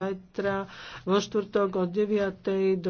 zajtra vo štvrtok od 9. do